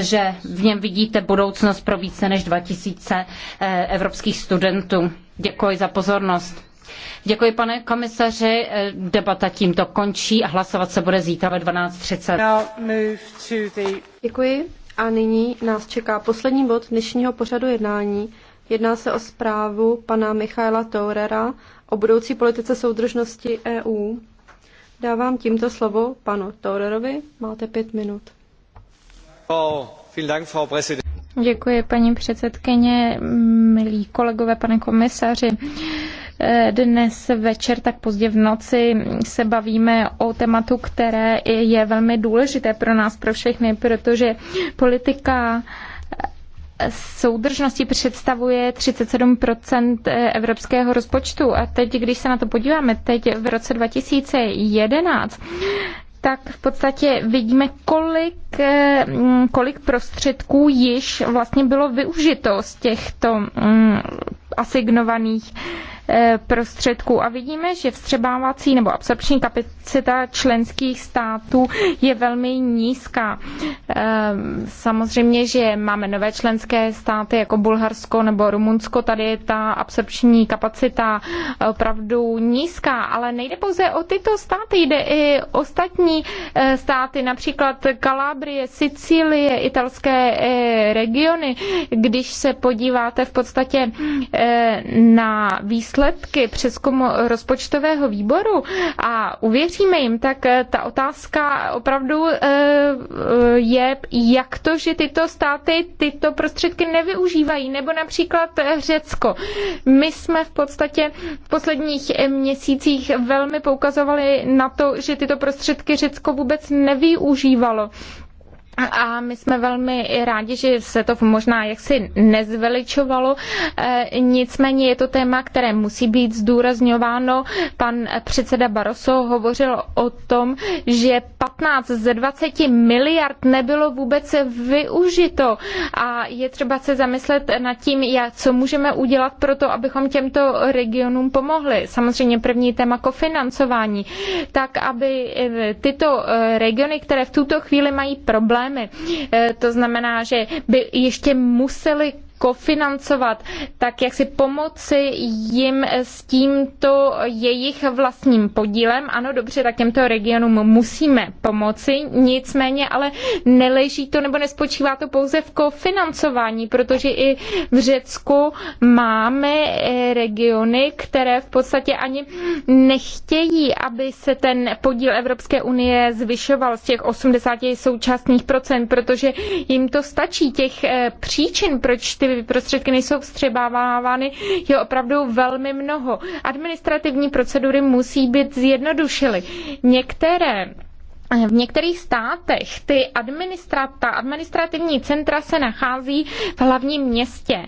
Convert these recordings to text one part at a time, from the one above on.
že v něm vidíte budoucnost pro více než 2000 eh, evropských studentů. Děkuji za pozornost. Děkuji, pane komisaři. Eh, debata tímto končí a hlasovat se bude zítra ve 12.30. Děkuji. A nyní nás čeká poslední bod dnešního pořadu jednání. Jedná se o zprávu pana Michaela Tourera o budoucí politice soudržnosti EU. Dávám tímto slovo panu Tourerovi. Máte pět minut. Děkuji, paní předsedkyně, milí kolegové, pane komisaři. Dnes večer, tak pozdě v noci, se bavíme o tématu, které je velmi důležité pro nás, pro všechny, protože politika soudržnosti představuje 37 evropského rozpočtu. A teď, když se na to podíváme, teď v roce 2011 tak v podstatě vidíme, kolik, eh, mm, kolik prostředků již vlastně bylo využito z těchto mm, asignovaných Eh, prostředků. A vidíme, že vstřebávací nebo absorpční kapacita členských států je velmi nízká. Eh, samozřejmě, že máme nové členské státy jako Bulharsko nebo Rumunsko, tady je ta absorpční kapacita opravdu nízká, ale nejde pouze o tyto státy, jde i ostatní eh, státy, například Kalábrie, Sicílie, italské regiony. Když se podíváte v podstatě na výsledky, výsledky přeskumu rozpočtového výboru a uvěříme jim, tak eh, ta otázka opravdu eh, eh, je, jak to, že tyto státy tyto prostředky nevyužívají, nebo například Řecko. My jsme v podstatě v posledních měsících velmi poukazovali na to, že tyto prostředky Řecko vůbec nevyužívalo. A my jsme velmi rádi, že se to možná jaksi nezveličovalo, e, nicméně je to téma, které musí být zdůrazňováno. Pan předseda Baroso hovořil o tom, že 15 z 20 miliard nebylo vůbec využito. A je třeba se zamyslet nad tím, jak, co můžeme udělat pro to, abychom těmto regionům pomohli. Samozřejmě první téma kofinancování, tak aby eh, tyto eh, regiony, které v tuto chvíli mají problémy, eh, to znamená, že by ještě museli kofinancovat, tak jak si pomoci jim s tímto jejich vlastním podílem. Ano, dobře, tak těmto regionům musíme pomoci, nicméně ale neleží to nebo nespočívá to pouze v kofinancování, protože i v Řecku máme eh, regiony, které v podstatě ani nechtějí, aby se ten podíl Evropské unie zvyšoval z těch 80 současných procent, protože jim to stačí těch eh, příčin, proč ty prostředky nejsou vstřebávány, je opravdu velmi mnoho. Administrativní procedury musí být zjednodušily. Některé v některých státech ty administrata, administrativní centra se nachází v hlavním městě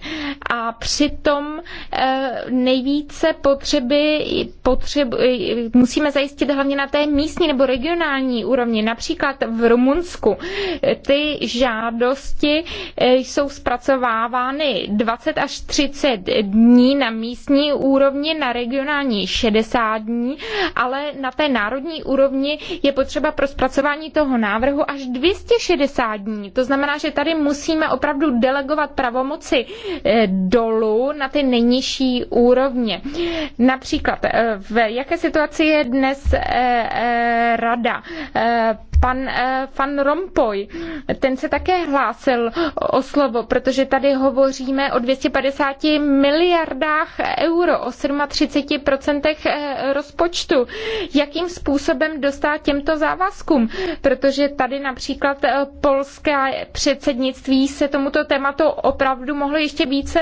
a přitom eh, nejvíce potřeby, potřeb, eh, musíme zajistit hlavně na té místní nebo regionální úrovni. Například v Rumunsku eh, ty žádosti jsou zpracovávány 20 až 30 dní na místní úrovni, na regionální 60 dní, ale na té národní úrovni je potřeba prostě zpracování toho návrhu až 260 dní. To znamená, že tady musíme opravdu delegovat pravomoci eh, dolů na ty nejnižší úrovně. Například, eh, v jaké situaci je dnes eh, rada? pan eh, Van Rompuy. Ten se také hlásil o slovo, protože tady hovoříme o 250 miliardách euro, o 37% eh, rozpočtu. Jakým způsobem dostat těmto závazkům? Protože tady například eh, polské předsednictví se tomuto tématu opravdu mohlo ještě více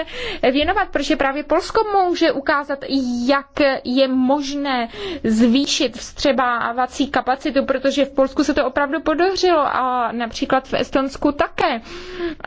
věnovat, protože právě Polsko může ukázat, jak je možné zvýšit vstřebávací kapacitu, protože v Polsku se to opravdu podařilo a například v Estonsku také.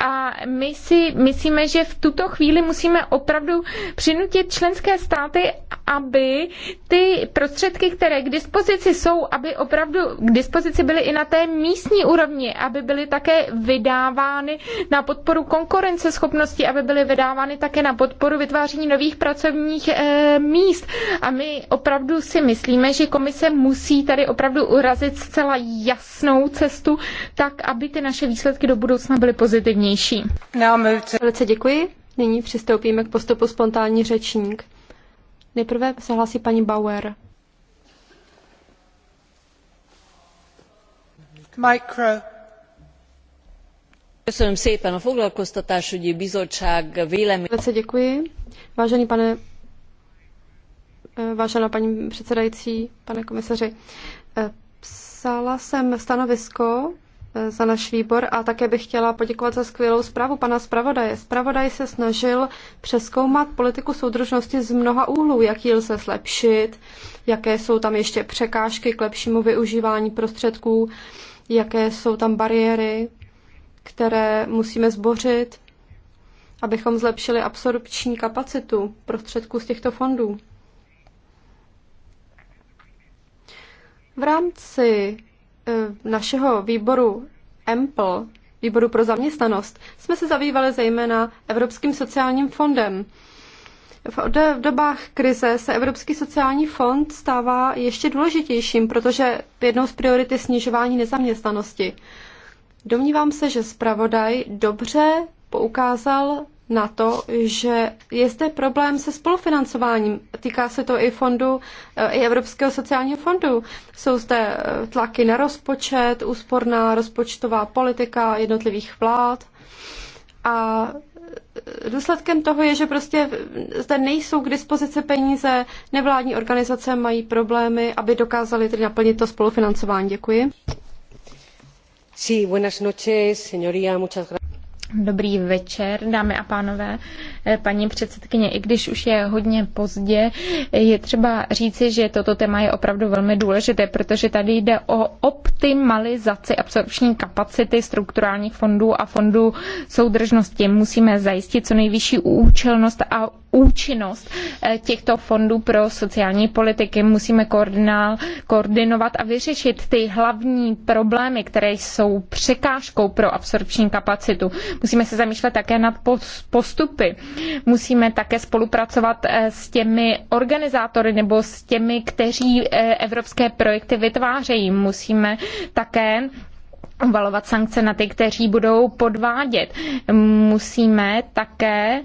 A my si myslíme, že v tuto chvíli musíme opravdu přinutit členské státy, aby ty prostředky, které k dispozici jsou, aby opravdu k dispozici byly i na té místní úrovni, aby byly také vydávány na podporu konkurenceschopnosti, aby byly vydávány také na podporu vytváření nových pracovních e, míst. A my opravdu si myslíme, že komise musí tady opravdu urazit zcela jasně jasnou cestu, tak aby ty naše výsledky do budoucna byly pozitivnější. Velice děkuji. Nyní přistoupíme k postupu spontánní řečník. Nejprve se hlásí paní Bauer. Micro a foglalkoztatásügyi bizottság děkuji. vážený pane eh, vážená paní předsedající pane komisaři eh, Sepsala jsem stanovisko e, za náš výbor a také bych chtěla poděkovat za skvělou zprávu pana zpravodaje. Zpravodaj se snažil přeskoumat politiku soudržnosti z mnoha úhlů, jak ji lze zlepšit, jaké jsou tam ještě překážky k lepšímu využívání prostředků, jaké jsou tam bariéry, které musíme zbořit, abychom zlepšili absorpční kapacitu prostředků z těchto fondů. V rámci eh, našeho výboru EMPL, výboru pro zaměstnanost, jsme se zabývali zejména Evropským sociálním fondem. V dobách krize se Evropský sociální fond stává ještě důležitějším, protože jednou z priorit je snižování nezaměstnanosti. Domnívám se, že zpravodaj dobře poukázal na to, že je zde problém se spolufinancováním. Týká se to i fondu, eh, i Evropského sociálního fondu. Jsou zde eh, tlaky na rozpočet, úsporná rozpočtová politika jednotlivých vlád. A eh, důsledkem toho je, že prostě zde nejsou k dispozici peníze, nevládní organizace mají problémy, aby dokázali tedy naplnit to spolufinancování. Děkuji. Sí, buenas noches, señoría, muchas gracias. Dobrý večer, dámy a pánové, eh, paní předsedkyně. I když už je hodně pozdě, eh, je třeba říci, že toto téma je opravdu velmi důležité, protože tady jde o optimalizaci absorpční kapacity strukturálních fondů a fondů soudržnosti. Musíme zajistit co nejvyšší účelnost a účinnost eh, těchto fondů pro sociální politiky. Musíme koordinovat a vyřešit ty hlavní problémy, které jsou překážkou pro absorpční kapacitu Musíme se zamýšlet také nad postupy. Musíme také spolupracovat eh, s těmi organizátory nebo s těmi, kteří eh, evropské projekty vytvářejí. Musíme také uvalovat sankce na ty, kteří budou podvádět. Musíme také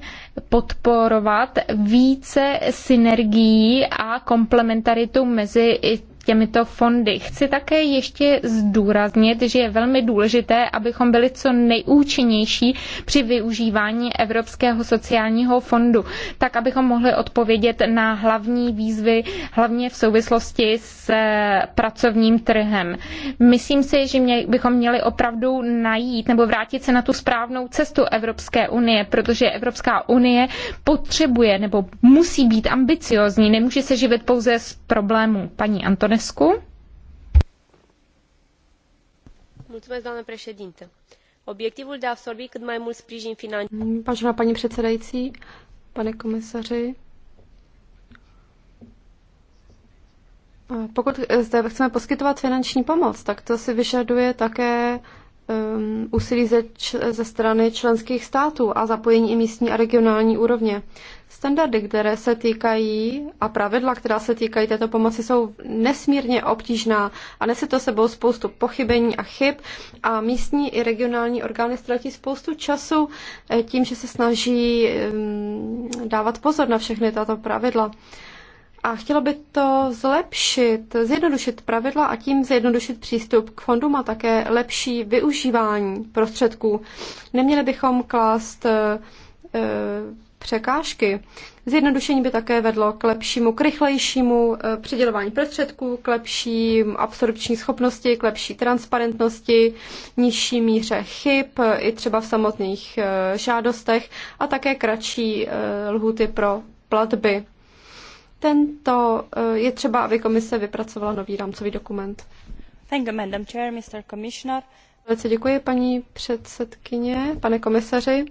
podporovat více synergií a komplementaritu mezi těmito fondy. Chci také ještě zdůraznit, že je velmi důležité, abychom byli co nejúčinnější při využívání Evropského sociálního fondu, tak abychom mohli odpovědět na hlavní výzvy, hlavně v souvislosti s eh, pracovním trhem. Myslím si, že mě, bychom měli opravdu najít nebo vrátit se na tu správnou cestu Evropské unie, protože Evropská unie potřebuje nebo musí být ambiciozní, nemůže se živit pouze z problémů. Paní Anton Ionescu. Mulțumesc, doamnă președintă. Obiectivul de a absorbi cât mai mult sprijin financiar. Vážená paní předsedající, pane komisaři, pokud zde chceme poskytovat finanční pomoc, tak to si vyžaduje také um, úsilí ze, ze strany členských států a zapojení i místní a regionální úrovně. Standardy, které se týkají a pravidla, která se týkají této pomoci, jsou nesmírně obtížná a nese to sebou spoustu pochybení a chyb a místní i regionální orgány ztratí spoustu času eh, tím, že se snaží mm, dávat pozor na všechny tato pravidla. A chtělo by to zlepšit, zjednodušit pravidla a tím zjednodušit přístup k fondům a také lepší využívání prostředků. Neměli bychom klást eh, eh, překážky. Zjednodušení by také vedlo k lepšímu, k rychlejšímu eh, přidělování prostředků, k lepší absorpční schopnosti, k lepší transparentnosti, nižší míře chyb eh, i třeba v samotných eh, žádostech a také kratší lhuty pro platby. Tento je třeba, aby komise vypracovala nový rámcový dokument. Thank you, Madam Chair, Mr. Commissioner. Velice děkuji, paní předsedkyně, pane komisaři.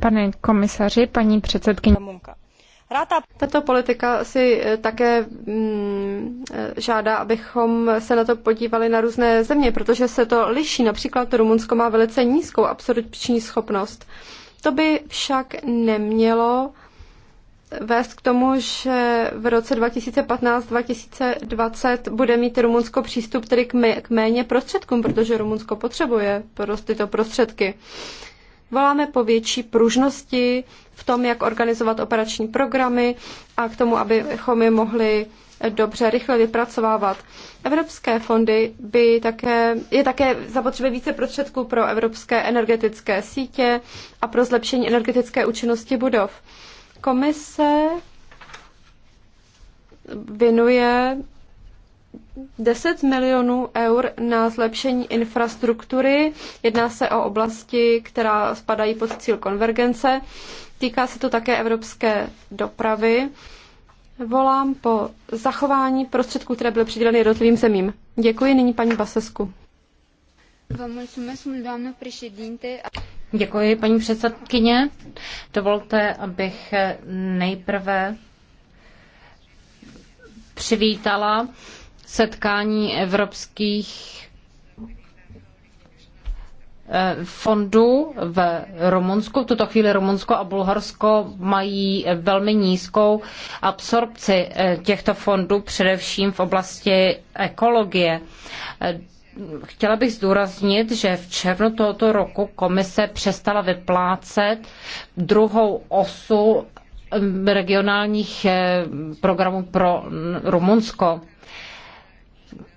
Pane komisaři, paní předsedkyně. Tato politika si eh, také mm, eh, žádá, abychom se na to podívali na různé země, protože se to liší. Například Rumunsko má velice nízkou absorpční schopnost. To by však nemělo vést k tomu, že v roce 2015-2020 bude mít Rumunsko přístup tedy k méně prostředkům, protože Rumunsko potřebuje prostě tyto prostředky. Voláme po větší pružnosti v tom, jak organizovat operační programy a k tomu, abychom je mohli dobře, rychle vypracovávat. Evropské fondy by také, je také zapotřebí více prostředků pro evropské energetické sítě a pro zlepšení energetické účinnosti budov. Komise věnuje 10 milionů eur na zlepšení infrastruktury. Jedná se o oblasti, která spadají pod cíl konvergence. Týká se to také evropské dopravy. Volám po zachování prostředků, které byly přiděleny jednotlivým zemím. Děkuji nyní paní Basesku. Děkuji, paní předsedkyně. Dovolte, abych nejprve přivítala setkání evropských eh, fondů v Rumunsku. V tuto chvíli Rumunsko a Bulharsko mají velmi nízkou absorpci eh, těchto fondů, především v oblasti ekologie. Eh, chtěla bych zdůraznit, že v červnu tohoto roku komise přestala vyplácet druhou osu regionálních programů pro Rumunsko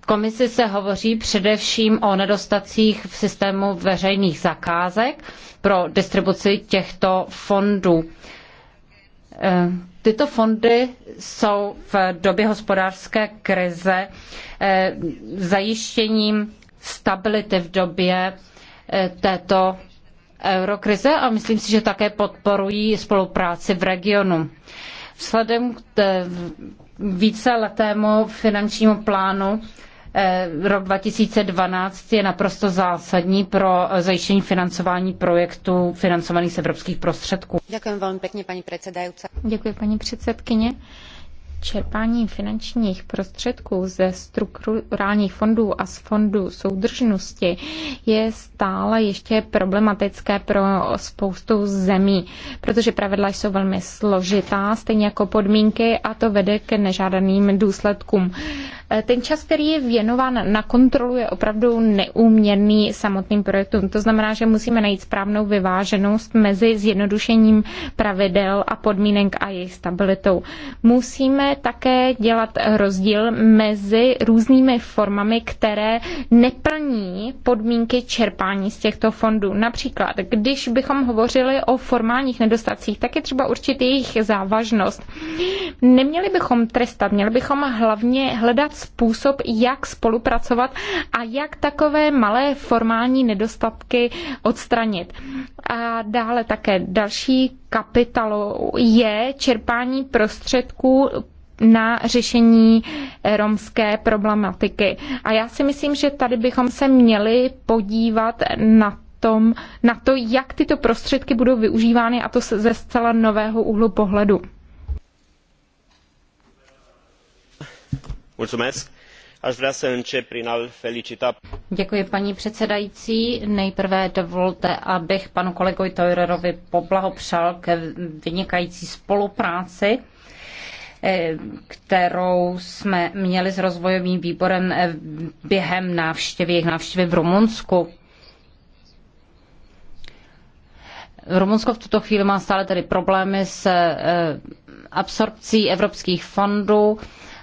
komisi se hovoří především o nedostacích v systému veřejných zakázek pro distribuci těchto fondů. Eh, tyto fondy jsou v době hospodářské krize eh, zajištěním stability v době eh, této eurokrize a myslím si, že také podporují spolupráci v regionu. Vzhledem k víceletému finančnímu plánu Eh, rok 2012 je naprosto zásadní pro zajištění financování projektů financovaných z evropských prostředků. Děkuji velmi pěkně, paní předsedající. Děkuji, paní předsedkyně čerpání finančních prostředků ze strukturálních fondů a z fondů soudržnosti je stále ještě problematické pro spoustu zemí, protože pravidla jsou velmi složitá, stejně jako podmínky a to vede k nežádaným důsledkům. Eh, ten čas, který je věnován na kontrolu, je opravdu neúměrný samotným projektům. To znamená, že musíme najít správnou vyváženost mezi zjednodušením pravidel a podmínek a jejich stabilitou. Musíme také dělat rozdíl mezi různými formami, které neplní podmínky čerpání z těchto fondů. Například, když bychom hovořili o formálních nedostacích, tak je třeba určitý jejich závažnost. Neměli bychom trestat, měli bychom hlavně hledat způsob, jak spolupracovat a jak takové malé formální nedostatky odstranit. A dále také další kapitalu je čerpání prostředků na řešení romské problematiky. A já si myslím, že tady bychom se měli podívat na tom, na to, jak tyto prostředky budou využívány a to ze zcela nového úhlu pohledu. Děkuji, paní předsedající. Nejprve dovolte, abych panu kolegovi theurerovi poblahopřál k vynikající spolupráci eh, kterou jsme měli s rozvojovým výborem eh, během návštěvy, jejich návštěvy v Rumunsku. Rumunsko v tuto chvíli má stále tedy problémy s eh, absorpcí evropských fondů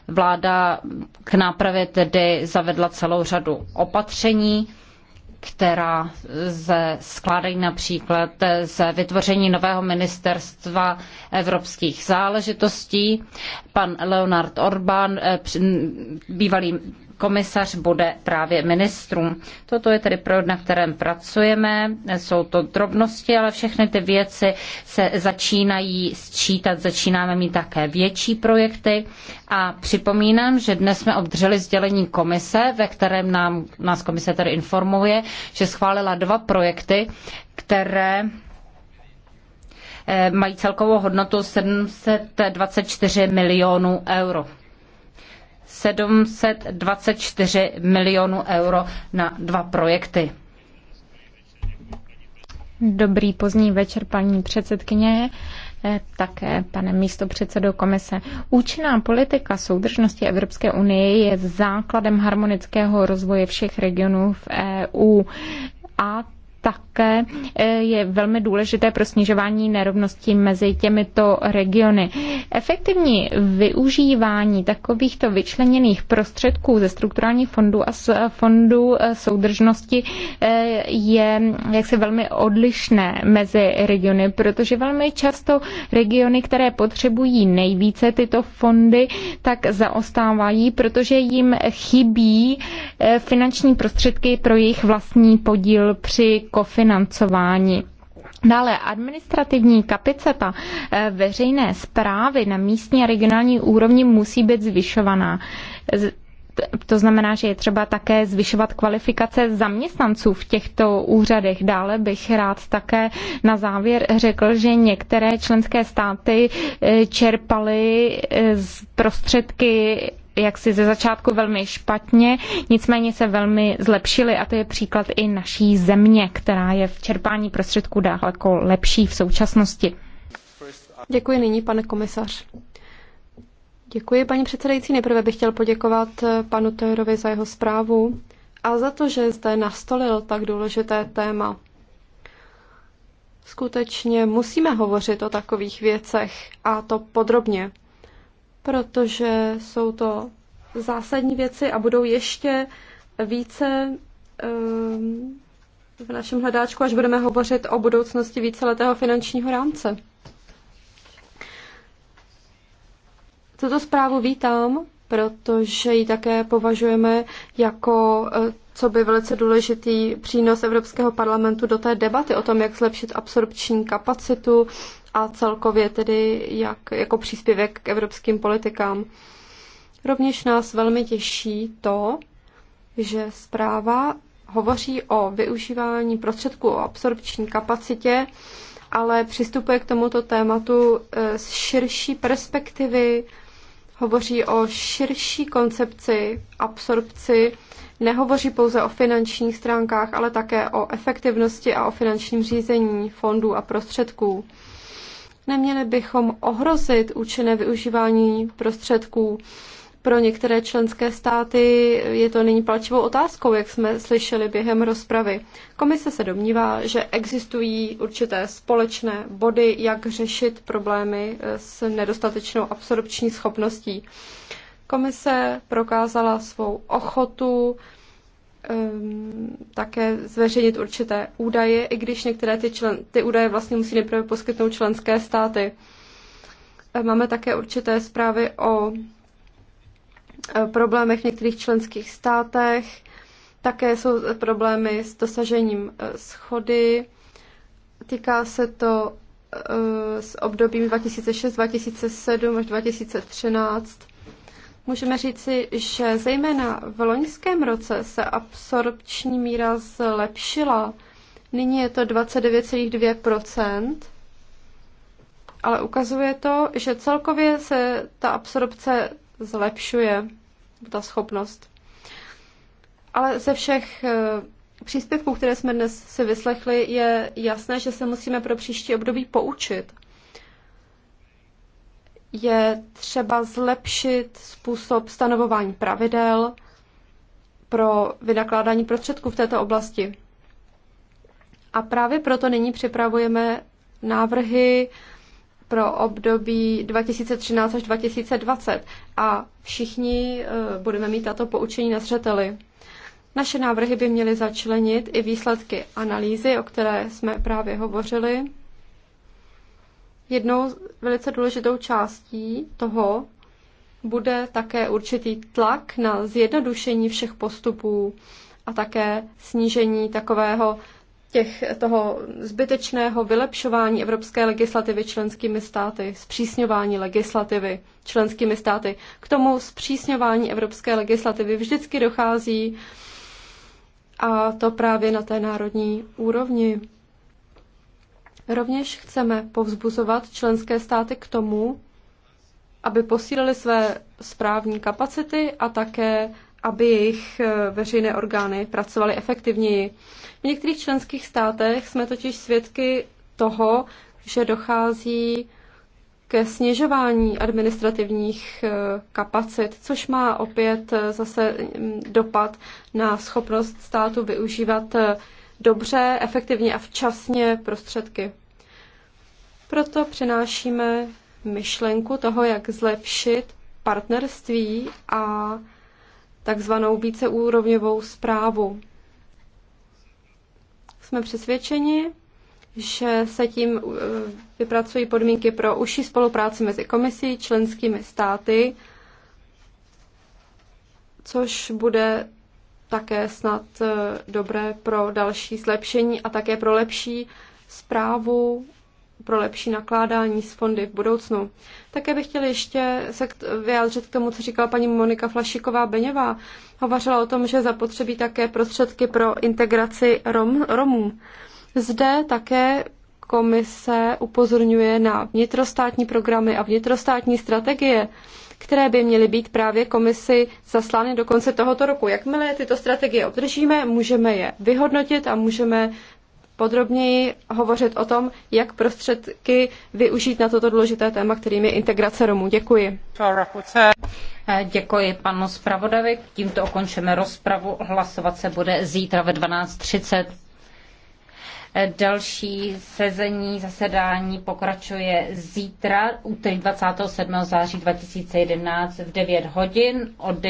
Vláda k nápravě tedy zavedla celou řadu opatření, která se skládají například z vytvoření nového ministerstva evropských záležitostí. Pan Leonard Orbán, eh, bývalý komisař bude právě ministrům. Toto je tedy projekt, na kterém pracujeme. Jsou to drobnosti, ale všechny ty věci se začínají sčítat. Začínáme mít také větší projekty a připomínám, že dnes jsme obdrželi sdělení komise, ve kterém nám, nás komise tedy informuje, že schválila dva projekty, které eh, mají celkovou hodnotu 724 milionů euro. 724 milionů euro na dva projekty. Dobrý pozdní večer, paní předsedkyně eh, také, pane místo předsedo komise. Účinná politika soudržnosti Evropské unie je základem harmonického rozvoje všech regionů v EU a také eh, je velmi důležité pro snižování nerovností mezi těmito regiony. Efektivní využívání takovýchto vyčleněných prostředků ze strukturálních fondů a z fondů eh, soudržnosti eh, je jaksi velmi odlišné mezi regiony, protože velmi často regiony, které potřebují nejvíce tyto fondy, tak zaostávají, protože jim chybí finanční prostředky pro jejich vlastní podíl při kofinancování. Dále administrativní kapacita eh, veřejné zprávy na místní a regionální úrovni musí být zvyšovaná. To znamená, že je třeba také zvyšovat kvalifikace zaměstnanců v těchto úřadech. Dále bych rád také na závěr řekl, že některé členské státy eh, čerpaly eh, z prostředky jaksi ze začátku velmi špatně, nicméně se velmi zlepšily a to je příklad i naší země, která je v čerpání prostředků daleko lepší v současnosti. Děkuji nyní, pane komisař. Děkuji, paní předsedající. Nejprve bych chtěl poděkovat eh, panu Tojerovi za jeho zprávu a za to, že zde nastolil tak důležité téma. Skutečně musíme hovořit o takových věcech a to podrobně protože jsou to zásadní věci a budou ještě více um, v našem hledáčku, až budeme hovořit o budoucnosti víceletého finančního rámce. Tuto zprávu vítám, protože ji také považujeme jako e, co by velice důležitý přínos Evropského parlamentu do té debaty o tom, jak zlepšit absorpční kapacitu a celkově tedy jak, jako příspěvek k evropským politikám. Rovněž nás velmi těší to, že zpráva hovoří o využívání prostředků o absorpční kapacitě, ale přistupuje k tomuto tématu eh, z širší perspektivy, hovoří o širší koncepci absorpci, nehovoří pouze o finančních stránkách, ale také o efektivnosti a o finančním řízení fondů a prostředků. Neměli bychom ohrozit účinné využívání prostředků. Pro některé členské státy je to nyní palčivou otázkou, jak jsme slyšeli během rozpravy. Komise se domnívá, že existují určité společné body, jak řešit problémy s nedostatečnou absorpční schopností. Komise prokázala svou ochotu um, také zveřejnit určité údaje, i když některé ty, člen, ty údaje vlastně musí nejprve poskytnout členské státy. Ehm, máme také určité zprávy o e, problémech v některých členských státech, také jsou problémy s dosažením e, schody. Týká se to e, s obdobím 2006, 2007 až 2013. Můžeme říci, že zejména v loňském roce se absorpční míra zlepšila. Nyní je to 29,2%, ale ukazuje to, že celkově se ta absorpce zlepšuje, ta schopnost. Ale ze všech eh, příspěvků, které jsme dnes si vyslechli, je jasné, že se musíme pro příští období poučit je třeba zlepšit způsob stanovování pravidel pro vynakládání prostředků v této oblasti. A právě proto nyní připravujeme návrhy pro období 2013 až 2020 a všichni eh, budeme mít tato poučení na zřeteli. Naše návrhy by měly začlenit i výsledky analýzy, o které jsme právě hovořili. Jednou velice důležitou částí toho bude také určitý tlak na zjednodušení všech postupů a také snížení takového těch, toho zbytečného vylepšování evropské legislativy členskými státy, zpřísňování legislativy členskými státy. K tomu zpřísňování evropské legislativy vždycky dochází a to právě na té národní úrovni. Rovněž chceme povzbuzovat členské státy k tomu, aby posílili své správní kapacity a také, aby jejich eh, veřejné orgány pracovaly efektivněji. V některých členských státech jsme totiž svědky toho, že dochází ke snižování administrativních eh, kapacit, což má opět eh, zase mm, dopad na schopnost státu využívat dobře, efektivně a včasně prostředky. Proto přinášíme myšlenku toho, jak zlepšit partnerství a takzvanou víceúrovňovou zprávu. Jsme přesvědčeni, že se tím eh, vypracují podmínky pro užší spolupráci mezi komisí, členskými státy, což bude také snad eh, dobré pro další zlepšení a také pro lepší zprávu, pro lepší nakládání s fondy v budoucnu. Také bych chtěla ještě se vyjádřit k tomu, co říkala paní Monika flašiková beněvá Hovořila o tom, že zapotřebí také prostředky pro integraci Rom, Romů. Zde také komise upozorňuje na vnitrostátní programy a vnitrostátní strategie které by měly být právě komisi zaslány do konce tohoto roku. Jakmile tyto strategie obdržíme, můžeme je vyhodnotit a můžeme podrobněji hovořit o tom, jak prostředky využít na toto důležité téma, kterým je integrace Romů. Děkuji. Děkuji panu zpravodavi. Tímto okončeme rozpravu. Hlasovat se bude zítra ve 12.30. Další sezení zasedání pokračuje zítra, úterý 27. září 2011 v 9 hodin od 9